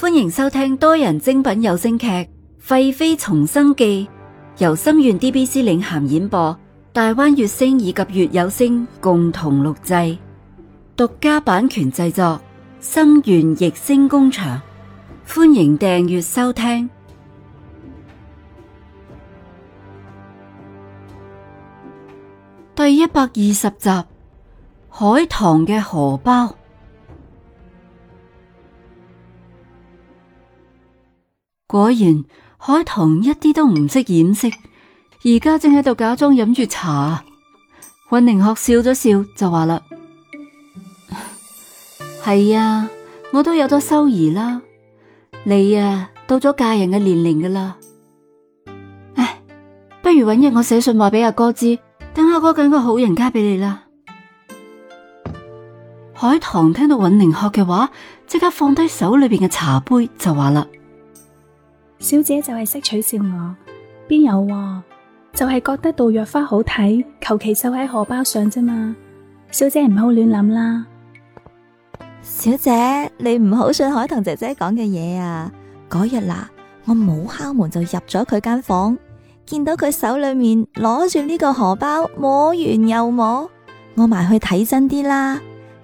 歡迎收聽多人精品有聲劇《廢妃重生記》，由心願 DBC 領銜演播，大灣月星以及月有聲共同錄製，獨家版權製作，心願逸星工廠。歡迎訂閱收聽。第一百二十集《海棠嘅荷包》。果然海棠一啲都唔識掩飾，而家正喺度假裝飲住茶。尹寧學笑咗笑就話啦，係 啊，我都有咗收儀啦，你啊到咗嫁人嘅年齡噶啦。唉，不如揾日我寫信話俾阿哥知，等阿哥揾個好人家俾你啦。海棠聽到尹寧學嘅話，即刻放低手裏邊嘅茶杯就話啦。小姐就係識取笑我，邊有、啊？就係、是、覺得杜若花好睇，求其就喺荷包上啫嘛。小姐唔好亂諗啦。小姐，你唔好信海棠姐姐講嘅嘢啊！嗰日嗱，我冇敲門就入咗佢間房，見到佢手裏面攞住呢個荷包，摸完又摸，我埋去睇真啲啦。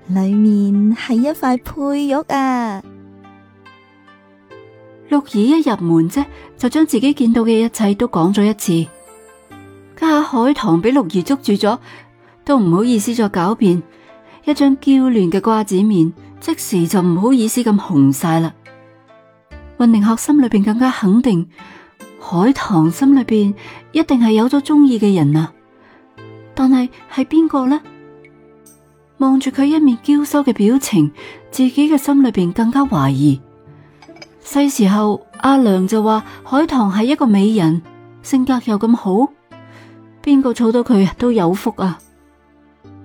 裏面係一塊佩玉啊！六兒一入門啫，就將自己見到嘅一切都講咗一次。家下海棠俾六兒捉住咗，都唔好意思再狡辯，一張嬌嫩嘅瓜子面即時就唔好意思咁紅晒啦。溫寧鶴心裏邊更加肯定，海棠心裏邊一定係有咗中意嘅人啊！但係係邊個呢？望住佢一面嬌羞嘅表情，自己嘅心裏邊更加懷疑。細時候，阿娘就話海棠係一個美人，性格又咁好，邊個娶到佢都有福啊！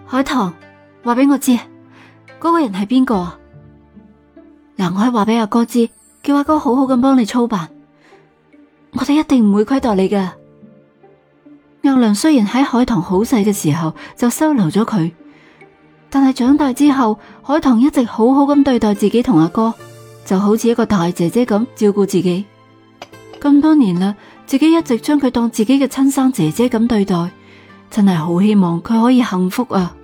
海棠，話俾我知，嗰個人係邊個啊？嗱，我可以話俾阿哥知，叫阿哥好好咁幫你操辦，我哋一定唔會虧待你嘅。阿娘雖然喺海棠好細嘅時候就收留咗佢，但係長大之後，海棠一直好好咁對待自己同阿哥、哥。就好似一個大姐姐咁照顧自己，咁多年啦，自己一直將佢當自己嘅親生姐姐咁對待，真係好希望佢可以幸福啊！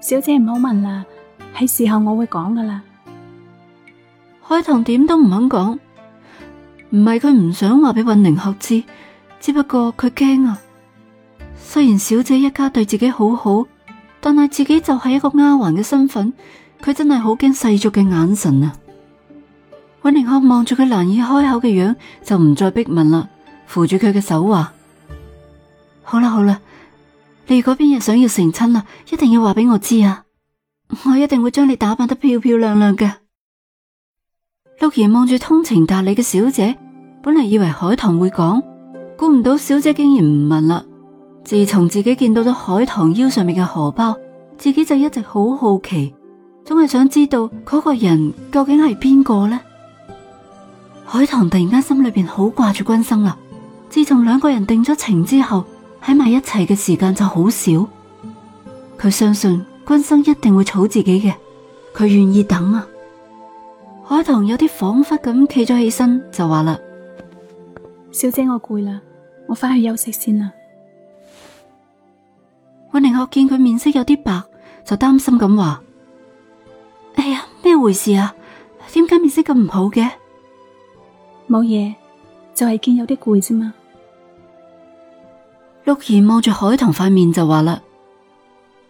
小姐唔好問啦，係時候我會講噶啦。海棠點都唔肯講，唔係佢唔想話俾允寧學知，只不過佢驚啊。雖然小姐一家對自己好好，但係自己就係一個丫鬟嘅身份。佢真係好驚世俗嘅眼神啊！韋寧看望住佢難以開口嘅樣，就唔再逼問啦，扶住佢嘅手話：好啦好啦，你如果邊日想要成親啦，一定要話俾我知啊，我一定會將你打扮得漂漂亮亮嘅。陸兒望住通情達理嘅小姐，本嚟以為海棠會講，估唔到小姐竟然唔問啦。自從自己見到咗海棠腰上面嘅荷包，自己就一直好好奇。總係想知道嗰個人究竟係邊個呢。海棠突然間心裏邊好掛住君生啦。自從兩個人定咗情之後，喺埋一齊嘅時間就好少。佢相信君生一定會儲自己嘅，佢願意等啊。海棠有啲恍惚咁企咗起身，就話啦：小姐，我攰啦，我翻去休息先啦。韋寧學見佢面色有啲白，就擔心咁話。哎呀，咩回事啊？點解面色咁唔好嘅？冇嘢，就係見有啲攰啫嘛。六兒望住海棠塊面就話啦：，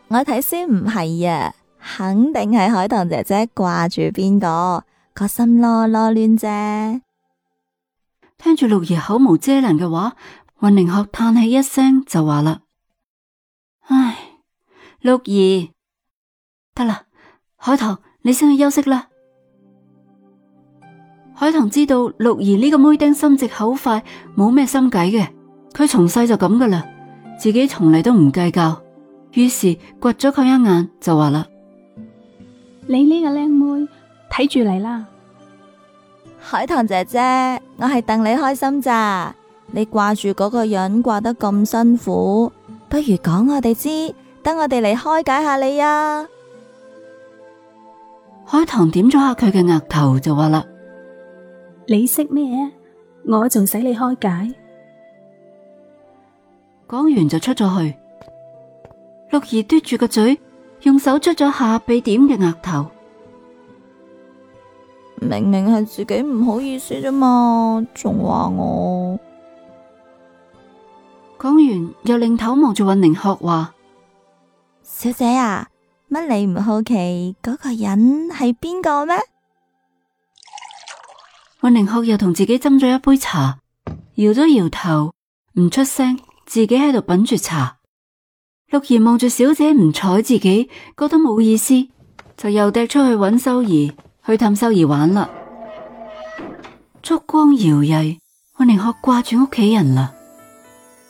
我睇先唔係啊，肯定係海棠姐姐掛住邊個，個心囉囉攣啫。聽住六兒口無遮攔嘅話，云凌鶴嘆氣一聲就話啦：，唉，六兒，得啦，海棠。你先去休息啦。海棠知道六兒呢個妹丁心直口快，冇咩心計嘅，佢從細就咁噶啦，自己從嚟都唔計較。於是掘咗佢一眼就，就話啦：你呢個靚妹，睇住你啦。海棠姐姐，我係戥你開心咋？你掛住嗰個人掛得咁辛苦，不如講我哋知，等我哋嚟開解下你啊。海棠點咗下佢嘅額頭就話啦：你識咩？我仲使你開解？講完就出咗去。六兒嘟住個嘴，用手捽咗下被點嘅額頭。明明係自己唔好意思啫嘛，仲話我，講完又擰頭望住韻寧鶴話：小姐啊！乜你唔好奇嗰個人係邊個咩？温寧鶴又同自己斟咗一杯茶，搖咗搖頭，唔出聲，自己喺度品住茶。六兒望住小姐唔睬自己，覺得冇意思，就又掟出去揾秀兒去探秀兒玩啦。燭光搖曳，温寧鶴掛住屋企人啦。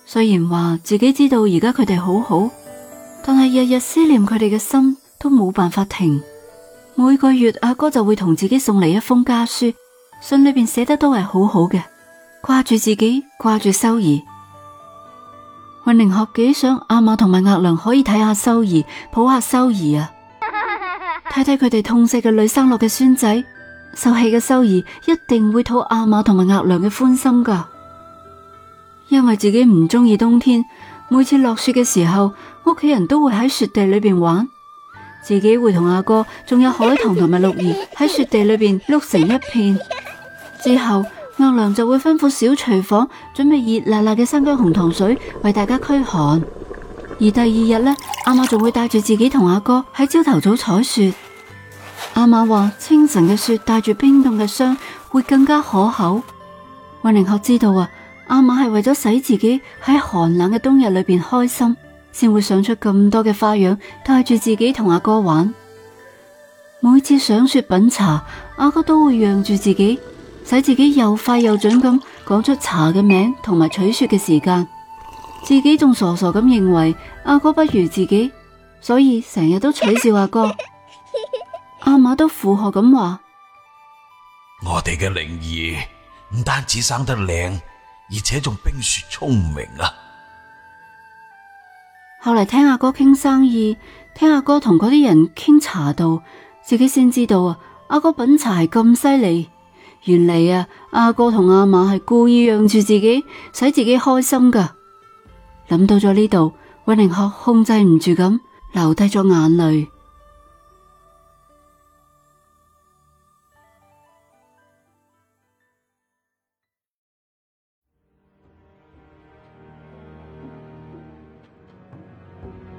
雖然話自己知道而家佢哋好好。但係日日思念佢哋嘅心都冇辦法停，每個月阿哥就會同自己送嚟一封家書，信裏邊寫得都係好好嘅，掛住自己，掛住修兒。云寧學幾想阿瑪同埋額娘可以睇下修兒，抱下修兒啊，睇睇佢哋痛錫嘅女生落嘅孫仔，受氣嘅修兒一定會討阿瑪同埋額娘嘅歡心噶，因為自己唔中意冬天。每次落雪嘅時候，屋企人都會喺雪地裏邊玩，自己會同阿哥，哥，仲有海棠同埋綠兒喺雪地裏邊碌成一片。之後阿娘，就會吩咐小廚房準備熱辣辣嘅生薑紅糖水為大家驅寒。而第二日呢，阿媽仲會帶住自己同阿哥喺朝頭早採雪。阿媽話清晨嘅雪帶住冰凍嘅霜會更加可口。岳靈鶴知道啊。阿馬係為咗使自己喺寒冷嘅冬日裏邊開心，先會想出咁多嘅花樣帶住自己同阿哥玩。每次賞雪品茶，阿哥都會讓住自己，使自己又快又準咁講出茶嘅名同埋取雪嘅時間。自己仲傻傻咁認為阿哥不如自己，所以成日都取笑阿哥。阿馬都附和咁話：我哋嘅靈兒唔單止生得靚。而且仲冰雪聰明啊！後來聽阿哥傾生意，聽阿哥同嗰啲人傾茶道，自己先知道啊！阿哥品茶係咁犀利，原嚟啊阿哥同阿嫲係故意讓住自己，使自己開心噶。諗到咗呢度，韋寧學控制唔住咁，流低咗眼淚。